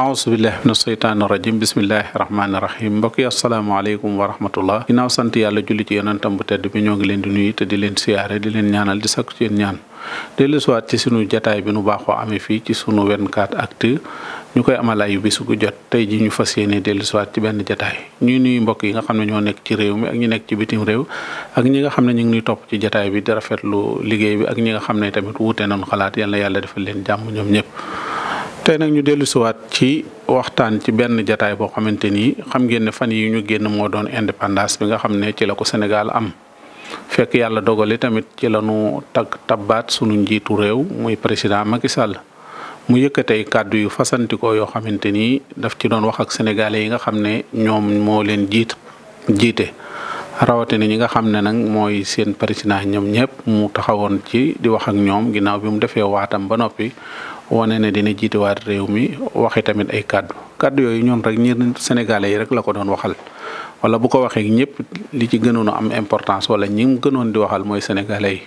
ahousubillah min asheytaan irajim bismillahi rahmaanirahim mbokk yi asalaamaaleykum wa rahmatullah naw sant yàlla julli ci yonentam bu tedd bi ñoo ngi leen di nuy te di leen siyaare di leen ñaanal di sakku ci yéen ñaan dellusiwaat ci sunu jataay bi nu baaxoo amee fii ci sunu 24actu ñu koy amal ay bis jot tey ji ñu fas yéene dellusiwaat ci benn jataay ñu nuyu mbokk yi nga xam ne ñoo nekk ci réew mi ak ñu nekk ci bitim réew ak ñi nga xam ne ñu ngi ñuy topp ci jataay bi di rafetlu bi ak ñi nga xam ne tamit wuute nañu xalaat yal na yàlla defal leen jàmm ñoom ñëpp. te nag ñu dellusiwaat ci waxtaan ci benn jataay boo xamante ni xam ngeen ne fan yi ñu génn moo doon indépendance bi nga xam ne ci la ko Sénégal am. fekk yàlla dogali tamit ci la ñu tag tabbaat sunu njiitu réew muy président Macky Sall mu yëkkatay kàddu yu fasantikoo yoo xamante ni daf ci doon wax ak sénégalais yi nga xam ne ñoom moo leen jiit jiite rawatina ñi nga xam ne nag mooy seen président ñoom ñëpp mu taxawoon ci di wax ak ñoom ginnaaw bi mu defee waatam ba noppi wane ne dina jiitewaat réew mi waxi tamit ay kàddu kàddu yooyu ñoom rek ñi sénégalais yi rek la ko doon waxal wala bu ko waxee ñëpp li ci gënoon a am importance wala ñi mu gënoon di waxal mooy sénégalais yi.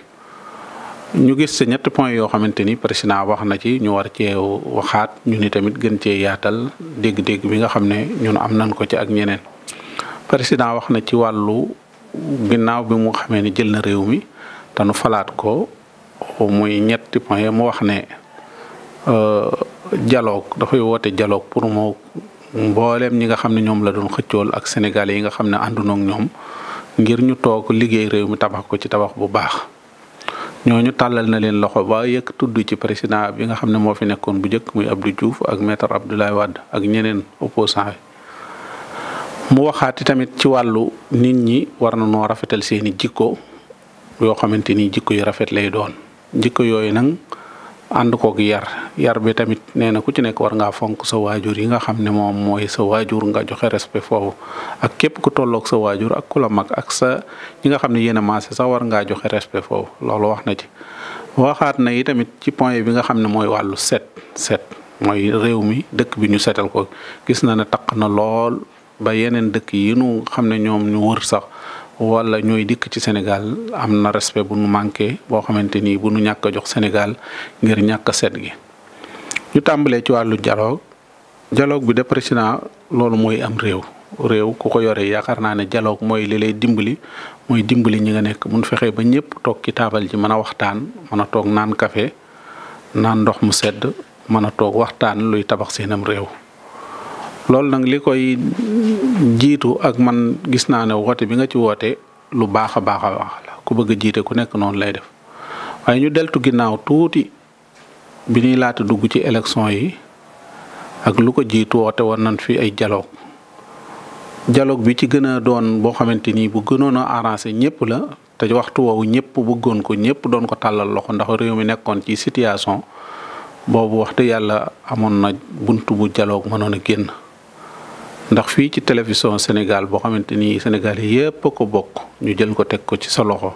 ñu gis ci ñetti point yoo xamante ni président wax na ci ñu war cee waxaat ñu ni tamit gën cee yaatal dégg-dégg bi nga xam ne ñun am nañ ko ci ak ñeneen président wax na ci wàllu ginnaaw bi mu xamee ne jël na réew mi tanu falaat ko muy ñetti point mu wax ne euh, dialogue dafay woote dialogue pour mu mbooleem ñi nga xam ne ñoom la doon xëccool ak sénégalais yi nga xam ne àndunoo ak ñoom ngir ñu toog liggéey réew mi tabax ko ci tabax bu baax ñooñu tàllal na leen loxo ba yëkk tudd ci président bi nga xam ne moo fi nekkoon bu njëkk muy Abdou Diouf ak maître Abdoulaye wadd ak ñeneen opposant yi mu waxaati tamit ci wàllu nit ñi war na noo rafetal seeni njikko yoo xamante ni jikko yu rafet lay doon njikko yooyu nag ànd kook yar yar bi tamit nee na ku ci nekk war ngaa fonk sa waajur yi nga xam ne moom mooy sa waajur nga joxe respect foofu ak képp ku tollook sa waajur ak ku la mag ak sa ñi nga xam ne yéen a maase sax war ngaa joxe respect foofu loolu wax na ci. waxaat na yi tamit ci point bi nga xam ne mooy wàllu set set mooy réew mi dëkk bi ñu setel ko gis na ne taq na lool ba yeneen dëkk yi nu xam ne ñoom ñu wër sax. wala ñooy dikk ci senegal am na respect bu nu manqué boo xamante ni bu nu ñàkk a jox Sénégal ngir ñàkk a set gi ñu tàmbalee ci wàllu dialogue dialogue bi de président loolu mooy am réew réew ku ko yore yaakaar naa ne dialogue mooy li lay dimbali mooy dimbali ñi nga nekk mun fexee ba ñëpp toog ci taabal ji mën a waxtaan mën a toog naan kafe naan ndox mu sedd mën a toog waxtaan luy tabax seenam réew loolu nag li koy jiitu ak man gis naa ne woote bi nga ci woote lu baax a baax a baax la ku bëgg a jiite ku nekk noonu lay def waaye ñu deltu ginnaaw tuuti bi ñuy laata dugg ci élection yi ak lu ko jiitu woote woon nañ fi ay dialogue jaloog bi ci gën a doon boo xamante ni bu gënoon a arrangé ñëpp la te waxtu woowu ñëpp bëggoon ko ñëpp doon ko tàllal loxo ndax réew mi nekkoon ci situation boobu waxtu yàlla amoon na bunt bu dialogue mënoon a génn ndax fii ci télévision Sénégal boo xamante ni Sénégal yépp ko bokk ñu jël ko teg ko ci sa loxo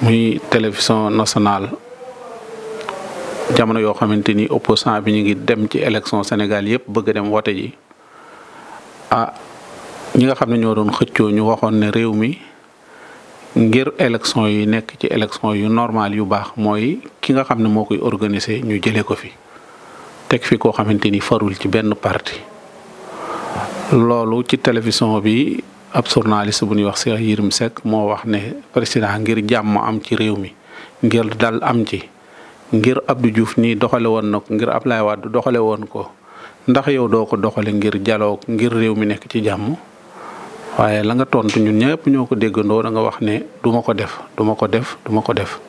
muy télévision nationale jamono yoo xamante ni opposant bi ñu ngi dem ci élection Sénégal yépp bëgg a dem wote ji ah ñi nga xam ne ñoo doon xëccoo ñu waxoon ne réew mi ngir élection yi nekk ci élection yu normal yu baax mooy ki nga xam ne moo koy organiser ñu jëlee ko fi teg fi koo xamante ni farul ci benn partie loolu ci télévision bi ab journaliste bu ñuy wax Cheikh Yérim Seck moo wax ne président ngir jàmm am ci réew mi ngir dal am ci ngir ab du juuf nii doxale woon na ko ngir Ablaye Wade doxale woon ko ndax yow doo ko doxale ngir jaloo ngir réew mi nekk ci jàmm waaye la nga tontu ñun ñëpp ñoo ko déggandoo da nga wax ne duma ko def du ma ko def du ko def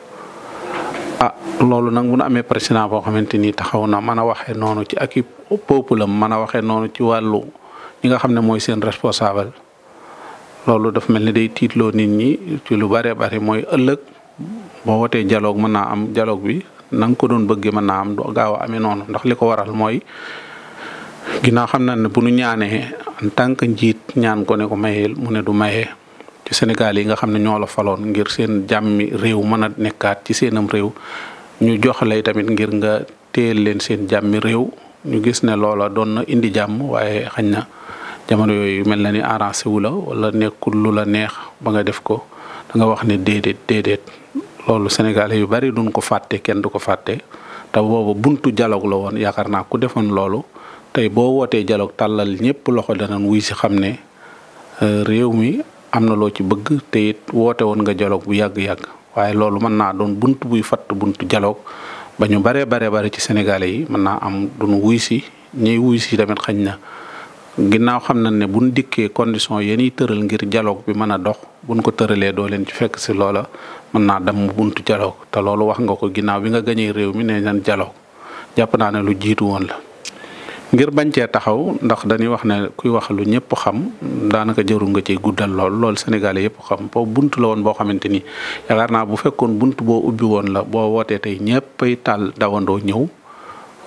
ah loolu nag bu nu amee président boo xamante ni taxaw na mën a waxee noonu ci ak i peuple am mën a waxee noonu ci wàllu ñi nga xam ne mooy seen responsable loolu dafa mel ni day tiitloo nit ñi ci lu bare bari mooy ëllëg boo wootee jaloog mën naa am jaloog bi na nga ko doon bëggee mën naa am du gaaw a amee noonu ndax li ko waral mooy ginnaaw xam na ne bu nu ñaanee en tant que njiit ñaan ko ne ko mayee mu ne du mayee ci Sénégal yi nga xam ne ñoo la faloon ngir seen jàmmi réew mën a nekkaat ci seenam réew ñu jox lay tamit ngir nga téel leen seen jàmmi réew ñu gis ne loola doon na indi jàmm waaye xañ na jamono yooyu mel na ni arrangé wu la wala nekkul lu la neex ba nga def ko da nga wax ne déedéet déedéet loolu sénégalais yu bari duñ ko fàtte kenn du ko fàtte te boobu buntu dialogue la woon yaakaar naa ku defoon loolu tey boo wootee jaloog tàllal ñëpp loxo danañ wuy si xam ne euh, réew mi am na loo ci bëgg te it woote woon nga dialogue bu yàgg-yàgg waaye loolu mën naa doon bunt buy fatt buntu dialogue ba ñu baree baree bari ci sénégalais yi mën naa am du wuy si ñuy wuy si tamit xañ na ginnaaw xam na ne buñ dikkee condition yéen ñuy tëral ngir dialogue bi mën a dox buñ ko tëralee doo leen ci fekk si loola mën naa dem buntu dialogue te loolu wax nga ko ginnaaw bi nga gañee réew mi ne nañ dialogue jàpp naa ne lu jiitu woon la. ngir bañ cee taxaw ndax dañuy wax ne kuy wax lu ñëpp xam daanaka jëru nga ciy guddal lool lool Sénégalais yëpp xam foofu bunt la woon boo xamante ni yaakaar naa bu fekkoon bunt boo ubbi woon la boo wootee tey ñëppay taal dawandoo ñëw.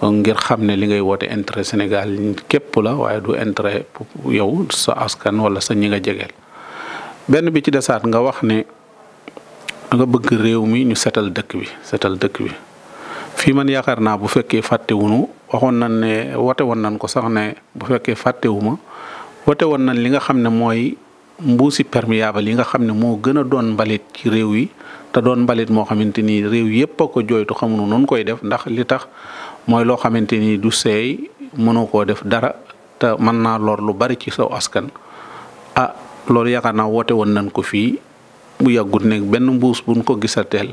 ngir xam ne li ngay woote intérêt Sénégal képp la waaye du intérêt yow sa askan wala sa ñi nga jegeel benn bi ci desaat nga wax ne nga bëgg réew mi ñu setal dëkk bi setal dëkk bi fii man yaakaar naa bu fekkee fàttewunu waxoon nan ne wote woon nan ko sax ne bu fekkee fàttewuma wote woon nan li nga xam ne mooy mbuusi perméable yi nga xam ne moo gën a doon mbalit ci réew yi te doon mbalit moo xamante ni réew yépp a ko jooytu xamuñu noonu koy def ndax li tax mooy loo xamante ni du seey mënu koo def dara te mën naa lor lu bari ci saw askan ah loolu yaakaar naa woote woon nañ ko fii bu yàggut nekk benn mbuus buñ ko gisa teel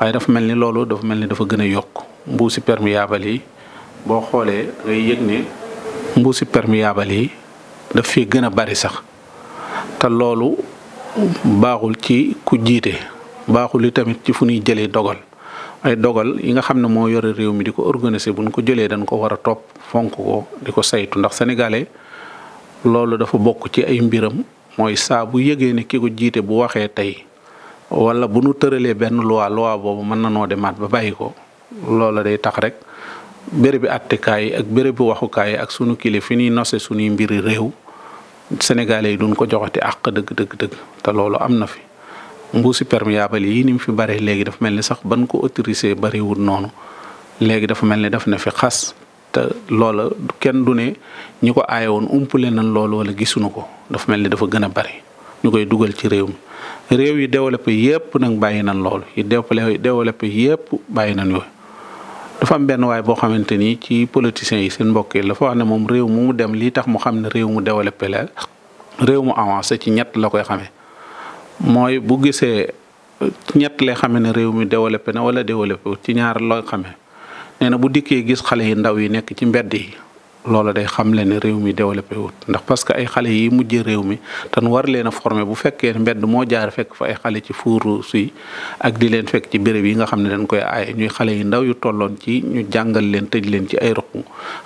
waaye dafa mel ni loolu dafa mel ni dafa gën a yokk mbuusi perméable yi boo xoolee ngay yëg ne mbuusi perméable yi daf fi gën a bari sax te loolu baaxul ci ku jiite baaxul yi tamit ci fu ñuy jëlee dogal ay dogal yi nga xam ne moo yore réew mi di ko organiser buñ ko jëlee dañ ko war a topp fonk ko di ko saytu ndax sénégalais loolu dafa bokk ci ay mbiram mooy saa bu yëgee ne ki ko jiite bu waxee tey wala bu nu tëralee benn loi loi boobu mën na noo demaat ba bàyyi ko loola day tax rek béréb bi àttekaay yi ak béréb waxukaay yi ak sunu kilifa fi ñuy nose sunuy mbiri réew sénégalais yi duñ ko joxati àq dëgg dëgg te loolu am na fi mbuusi perméable yi ni mu fi bare léegi dafa mel ni sax ban ko autorisé bariwul noonu léegi dafa mel ni daf na fi xas te loola kenn du ne ñi ko aaye woon umpule nañ loolu wala gisuñu ko dafa mel ni dafa gën a bari ñu koy dugal ci réew mi réew yi développé yépp nag bàyyi nañ loolu yi développé yépp bàyyi nañ dafa am benn waay boo xamante ni ci politiciens yi seen mbokk la dafa wax ne moom réew mu mu dem lii tax mu xam ne réew mu développé la réew mu avancé ci ñett la koy xamee mooy bu gisee ñett lay xamee ne réew mi développé na wala développé ci ñaar looy xamee nee na bu dikkee gis xale yi ndaw yi nekk ci mbedd yi. loola day xamle ne réew mi développé wut ndax parce que ay xale yi mujjee réew mi tan war leen a formé bu fekkee mbedd moo jaar fekk fa ay xale ci fuuru suy ak di leen fekk ci béréb yi nga xam ne dañ koy aaye ñuy xale yu ndaw yu tolloon ci ñu jàngal leen tëj leen ci ay ruq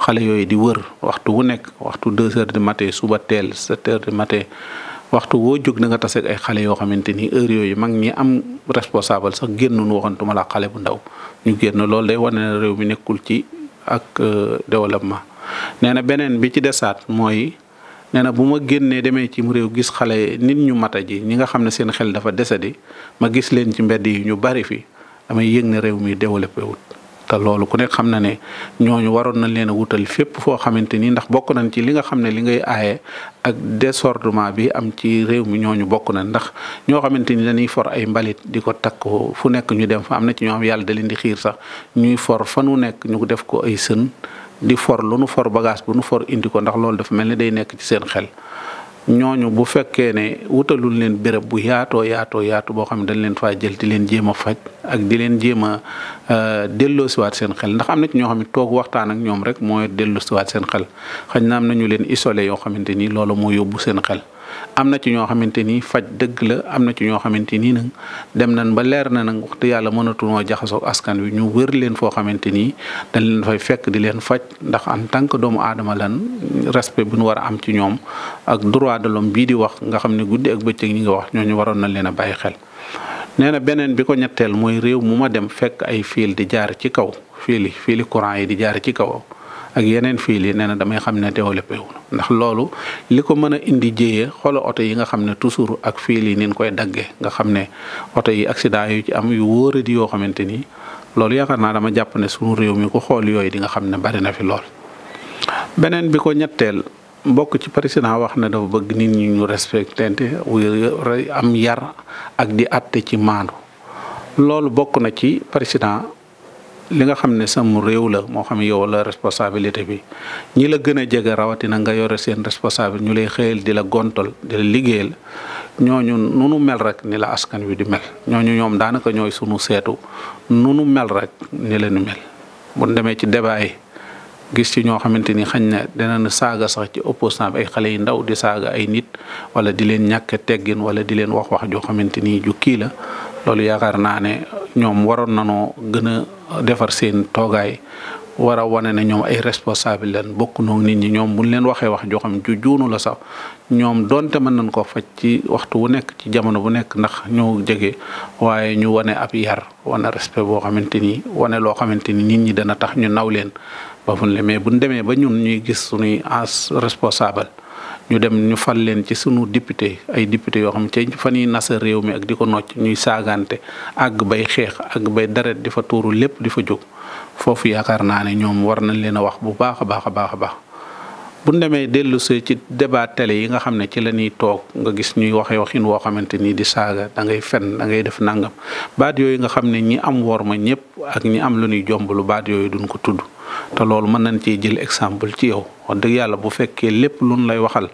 xale yooyu di wër waxtu wu nekk waxtu deux heures de matin suba teel sept heures du matin waxtu woo jóg na nga tase ay xale yoo xamante ni heure yooyu mag ñi am responsable sax génnoon waxantuma la xale bu ndaw ñu génn loolu day wane réew mi nekkul ci ak euh, développement. nee na beneen bi ci desaat mooy nee na bu ma génnee demee ci réew gis xale nit ñu mata ji ñi nga xam ne seen xel dafa desadi ma gis leen ci mbedd yi ñu bari fi damay yëg ne réew mi développé wut te loolu ku nekk xam na ne ñooñu waroon nañ leen a wutal fépp foo xamante ni ndax bokk nañ ci li nga xam ne li ngay aaye ak désordement bi am ci réew mi ñoo ñu bokk nañ ndax ñoo xamante ni dañuy for ay mbalit di ko takk fu nekk ñu dem fa am na ci ñoo xam yàlla da leen di xiir sax ñuy for fa nu nekk ñu def ko ay sën di for lu nu for bagage bu nu for indi ko ndax loolu dafa mel ni day nekk ci seen xel ñooñu bu fekkee ne wutalul leen béréb bu yaatoo yaato yaatu boo xam ne dañ leen faa jël di leen jéem a faj ak di leen jéem a euh, delloosiwaat seen xel ndax am na ci ñoo xam ne toog waxtaan ak ñoom rek mooy dellu siwaat seen xel xañ na am na ñu leen isolé yoo xamante ni loolu moo yóbbu seen xel. am na ci ñoo xamante ni faj dëgg la am na ci ñoo xamante ni nag dem nañ ba leer na nag waxtu yàlla mënatunoo jaxasoo askan wi ñu wër leen foo xamante ni dañ leen fay fekk di leen faj ndax en tant que doomu aadama lan respect bu ñu war a am ci ñoom ak droit de l'homme bii di wax nga xam ne guddi ak bëccëg ñi nga wax ñooñu waroon na leen a bàyyi xel. nee na beneen bi ko ñetteel mooy réew mu ma dem fekk ay fiil di jaar ci kaw fiili fiili courant yi di jaar ci kaw. ak yeneen fiil yi nee na damay xam ne développé wu ndax loolu li ko mën a indi jéyee xolo oto yi nga xam ne toujours ak fil yi nin koy daggee nga xam ne oto yi accident yu ci am yu wóora yoo xamante ni loolu yaakaar naa dama jàpp ne suñu réew mi ku xool yooyu di nga xam ne bari na fi lool beneen bi ko ñetteel mbokk ci président wax na dafa bëgg nit ñi ñu respectante am yar ak di àtte ci maandu loolu bokk na ci président li nga xam ne sam réew la moo xam yow la responsabilité bi ñi la gën a jege rawatina nga yore seen responsable ñu lay xëyal di la gontal di la liggéeyal ñooñu nu mel rek ni la askan wi di mel ñooñu ñoom daanaka ñooy sunu seetu nu nu mel rek ni la ñu mel. bu demee ci débat yi gis ci ñoo xamante ni xañ na dinañ saaga sax ci opposant bi ay xale yu ndaw di saaga ay nit wala di leen ñàkk teggin wala di leen wax wax joo xamante ni ju kii la. loolu yaakaar naa ne ñoom waroon nañoo gën a defar seen toogaay war a wane ne ñoom ay responsable lañ bokk nit ñi ñoom buñ leen waxee wax joo xam ju juunu la sax ñoom donte mën nañ ko faj ci waxtu wu nekk ci jamono bu nekk ndax ñoo jege waaye ñu wane ab yar wane respect boo xamante ni wane loo xamante ni nit ñi dana tax ñu naw leen ba fun le mais buñ demee ba ñun ñuy gis suñuy as responsable ñu dem ñu fal leen ci suñu député ay député yoo xam ne ci fa ñuy nasa réew mi ak di ko nocc ñuy saagante àgg bay xeex àgg bay deret di fa tuuru lépp di fa jóg foofu yaakaar naa ne ñoom war nañ leen a wax bu baax a baax a baax a baax bu ñu demee dellu see ci débat yi nga xam ne ci la ñuy toog nga gis ñuy waxee waxin woo xamante nii di saaga da fen da ngay def nangam baat yooyu nga xam ne ñi am woor ma ñëpp ak ñi am lu ñuy jomb lu baat yooyu duñ ko tudd. te loolu mën nañ cee jël exemple ci yow wax dëgg yàlla bu fekkee lépp luñ lay waxal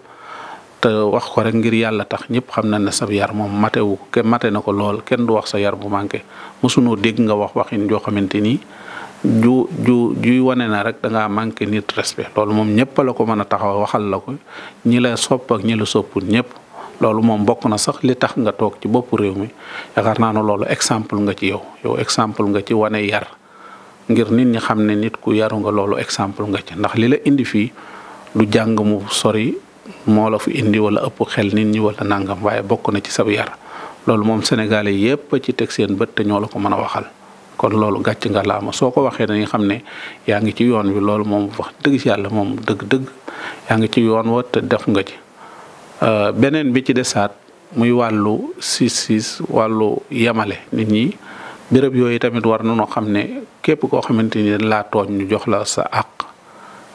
te wax ko rek ngir yàlla tax ñëpp xam na ne sab yar moom matewu ke mate na ko lool kenn du wax sa yar bu manqué mosunoo dégg nga wax waxin joo xamante ni ju ju juy wane na rek da ngaa manqué nit respect loolu moom ñëpp la ko mën a taxaw waxal la ko ñi lay sopp ak ñi la soppu ñëpp loolu moom bokk na sax li tax nga toog ci bopp réew mi yaakaar naa ne loolu exemple nga ci yow yow exemple nga ci wane yar. ngir nit ñi xam ne nit ku yaru nga loolu exemple nga ci ndax li la indi fii du jàng mu sori moo la indi wala ëpp xel nit ñi wala nangam waaye bokk na ci sab yar loolu moom sénégalais yépp ci teg seen bët te ñoo la ko mën a waxal kon loolu gàcc nga laama soo ko waxee dañuy xam ne yaa ngi ci yoon wi loolu moom wax dëgg si yàlla moom dëgg-dëgg yaa ngi ci yoon wa te def nga ci euh, beneen bi ci desaat muy wàllu siis siis wàllu yemale nit ñi béréb yooyu tamit war na nañoo xam ne képp koo xamante ni laa tooñ ñu jox la sa àq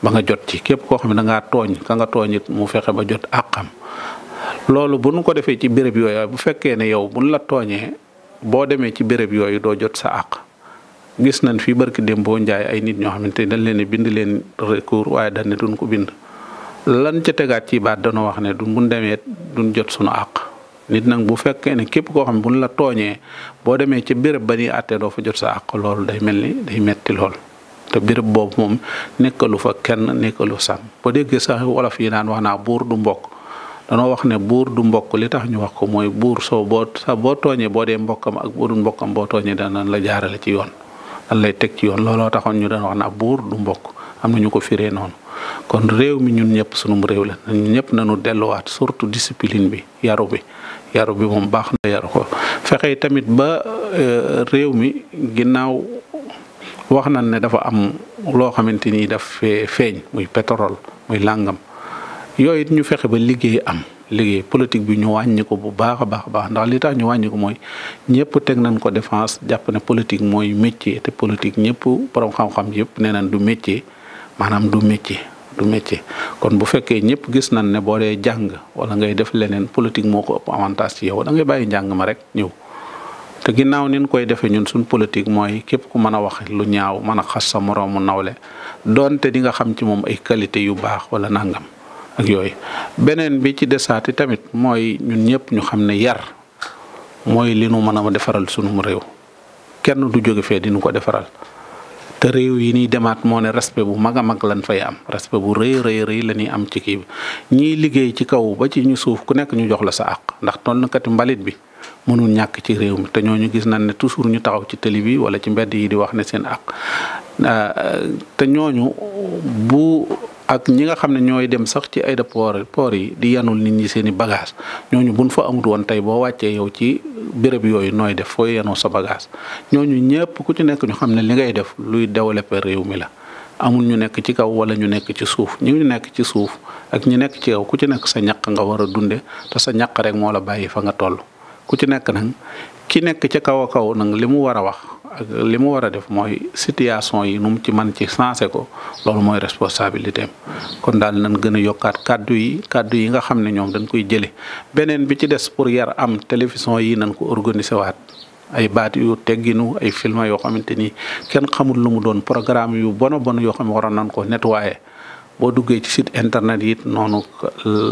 ba nga jot ci képp koo xam ne da tooñ ka nga tooñ it mu fexe ba jot àqam loolu bu nu ko defee ci béréb yooyu bu fekkee ne yow buñ la tooñee boo demee ci béréb yooyu doo jot sa àq gis nañ fi barki dem boo njaay ay nit ñoo xamante ni dañ leen bind leen recours waaye dañ ne duñ ko bind lan ca tegaat ci baat dañoo wax ne duñ buñ demee duñ jot sunu àq. nit nag bu fekkee ne képp koo xam ne buñ la tooñee boo demee ci béréb ba ñuy àttee doo fa jot sa àq loolu day mel ni day metti lool te béréb boobu moom nekkalu fa kenn nekkalu sam boo déggee sax wolof yi naan wax naa buur du mbokk danoo wax ne buur du mbokk li tax ñu wax ko mooy buur soo boo sa boo tooñee boo dee mbokkam ak boo dul mbokkam boo tooñee la jaarale ci yoon dan lay teg ci yoon looloo taxoon ñu daan wax naa buur du mbokk am na ñu ko firee noonu kon réew mi ñun ñëpp sunum réew la ñun ñëpp nañu delluwaat surtout discipline bi yaru bi yaru bi moom baax na yaru ko fexe tamit ba euh, réew mi ginnaaw wax nañ ne dafa am loo xamante ni daf feeñ muy pétrole muy làngam yooyu ñu fexe ba liggéey am liggéey politique bi ñu wàññi ko bu baax a baax a baax ndax li tax ñu wàññi ko mooy ñëpp teg nañ ko défense jàpp ne politique mooy métier te politique ñëpp borom xam-xam yëpp nee nañ du métier maanaam du métier. du métier kon bu fekkee ñëpp gis nañ ne boo dee jàng wala ngay def leneen politique moo ko ëpp avantage ci yow da bàyyi njàng ma rek ñëw te ginnaaw nin koy defee ñun suñ politique mooy képp ku mën a wax lu ñaaw mën a xas sa moroomu nawle doonte di nga xam ci moom ay qualité yu baax wala nangam ak yooyu beneen bi ci desaati tamit mooy ñun ñëpp ñu xam ne yar mooy li nu mën a defaral sunum réew kenn du jóge fee dinu ko defaral te réew yi ñuy demaat moo ne respect bu mag a mag lañ fay am respect bu rëy rëy rëy la ñuy am ci kii bi liggéey ci kaw ba ci ñu suuf ku nekk ñu jox la sa àq ndax tonnkat mbalit bi mënul ñàkk ci réew mi te ñooñu gis nañ ne toujours ñu taxaw ci télé bi wala ci mbedd yi di wax ne seen àq ah, te ñooñu bu ak ñi nga xam ne ñooy dem sax ci aéroport port yi di yenul nit ñi seen i bagage ñooñu buñ fa amut woon tey boo wàccee yow ci béréb yooyu nooy def foo yanoo sa bagage ñooñu ñëpp ku ci nekk ñu xam ne li ngay def luy développer réew mi la amul ñu nekk ci kaw wala ñu nekk ci suuf ñu nekk ci suuf ak ñu nekk ci kaw ku ci nekk sa ñaq nga war a dunde te sa ñaq rek moo la bàyyi fa nga toll ku ci nekk nag ki nekk ca kaw kaw nag li mu war a wax ak li mu war a def mooy situation yi nu mu ci man ci sensé ko loolu mooy responsabilité am kon daal nan gën a yokkaat kàddu yi kàddu yi nga xam ne ñoom dañ koy jële beneen bi ci des pour yar am télévision yi nañ ko organiser waat ay baat yu tegginu ay film yoo xamante ni kenn xamul lu mu doon programme yu bon bon yoo xam ne waroon nañ ko nettoyer boo duggee ci site internet yi noonu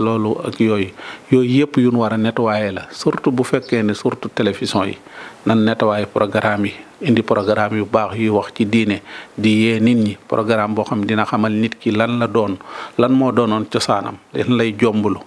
loolu ak yooyu yooyu yëpp yu ñu war a nettoyer la surtout bu fekkee ne surtout télévision yi nan nettoyer programme yi indi programme yu baax yuy wax ci diine di yee nit ñi programme boo xam dina xamal nit ki lan la doon lan moo doonoon cosaanam lan lay jomblu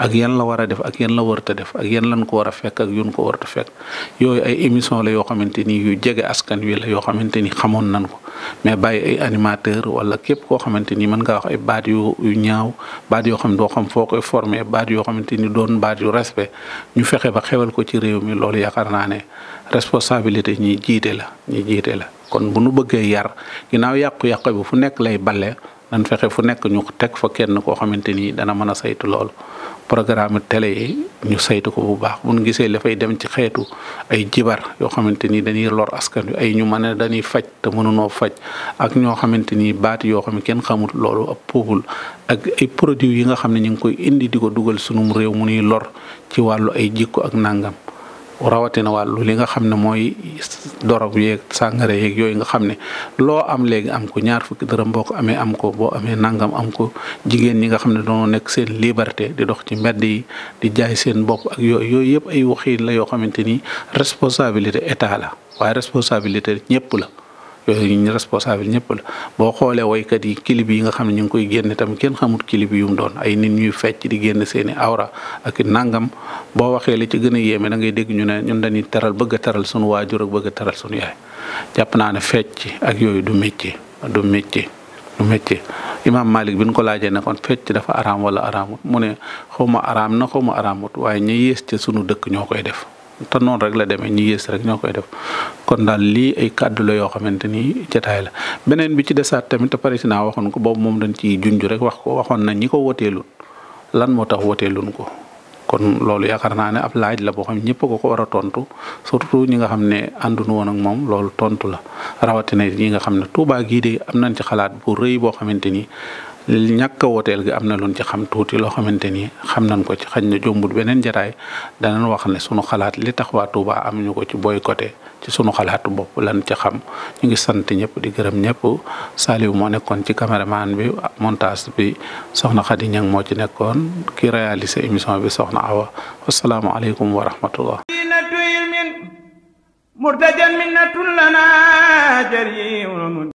ak yan la war a def ak yan la warta def ak yan lan ko war a fekk ak yun ko warta fekk yooyu ay émission la yoo xamante ni yu jege askan wi la yoo xamante ni xamoon nan ko mais bàyyi animateur wala képp koo xamante ni mën ngaa wax ay baat yu yu ñaaw baat yoo xam doo xam foo koy formé baat yoo xamante ni doon baat yu respect ñu fexe ba xewal ko ci réew mi loolu yaakaar naa ne responsabilité ñi jiite la ñi jiite la kon bu nu bëggee yar ginnaaw yàqu-yàqu bi fu nekk lay bale dañ fexe fu nekk ñu teg fa kenn koo xamante ni dana mën a saytu loolu programme tele yi ñu saytu ko bu baax mun ñu gisee dafay dem ci xeetu ay jibar yoo xamante ni dañuy lor askan wi ay ñu mën a dañuy faj te mënunoo faj ak ñoo xamante ni baat yoo xam ne kenn xamul loolu ab poogul ak ay produits yi nga xam ne ñu ngi koy indi di ko dugal sunum réew mu nuy lor ci wàllu ay jikko ak nangam. rawatina wàllu li nga xam ne mooy dorog yeeg sàngara yeeg yooyu nga xam ne loo am léegi am ko ñaar fukki dërëm mbokk amee am ko boo amee nangam am ko jigéen ñi nga xam ne doonoo nekk seen liberté di dox ci mbedd yi di jaay seen bopp ak yooyu yooyu yëpp ay waxiin la yoo xamante ni responsabilité état la waaye responsabilité ñëpp la ñu responsable ñëpp la boo xoolee woykat yi clip yi nga xam ne ñu ngi koy génne tamit kenn xamut clip yu mu doon ay nit ñuy fecc di génne seeni awra ak nangam boo waxee li ci gën a yéeme da ngay dégg ñu ne ñun dañuy teral bëgg a teral suñu waajur ak bëgg a teral suñu yaay jàpp naa ne fecc ak yooyu du métier du métier du métier imaam Malik bi ñu ko laajee ne kon fecc dafa araam wala araamut mu ne xaw ma araam na xaw ma araamut waaye ñi yées ca sunu dëkk ñoo koy def te noonu rek la demee ñi yées rek ñoo koy def kon daal li ay kàddu la yoo xamante ni jataay la beneen bi ci desaat tamit te président waxoon ko boobu moom dañ ciy junj rek wax ko waxoon na ñi ko woteelul lan moo tax woteelun ko kon loolu yaakaar naa ne ab laaj la boo xam ñëpp ko ko war a tontu surtout ñi nga xam ne àndunu woon ak moom loolu tontu la rawatina yi ñi nga xam ne Tuubaa gii de am nañ ci xalaat bu rëy boo xamante ni ñàkk a wooteel gi am na luñ ci xam tuuti loo xamante ni xam nañ ko ci xañ na jombut beneen jataay danañ wax ne sunu xalaat li tax waa Touba am ñu ko ci boycotté ci sunu xalaatu bopp lan ci xam ñu ngi sant ñëpp di gërëm ñëpp Saliou moo nekkoon ci caméraman bi montage bi soxna Khady Niang moo ci nekkoon ki réalisé émission bi soxna Awa asalaamaaleykum wa rahmatullah مرتجا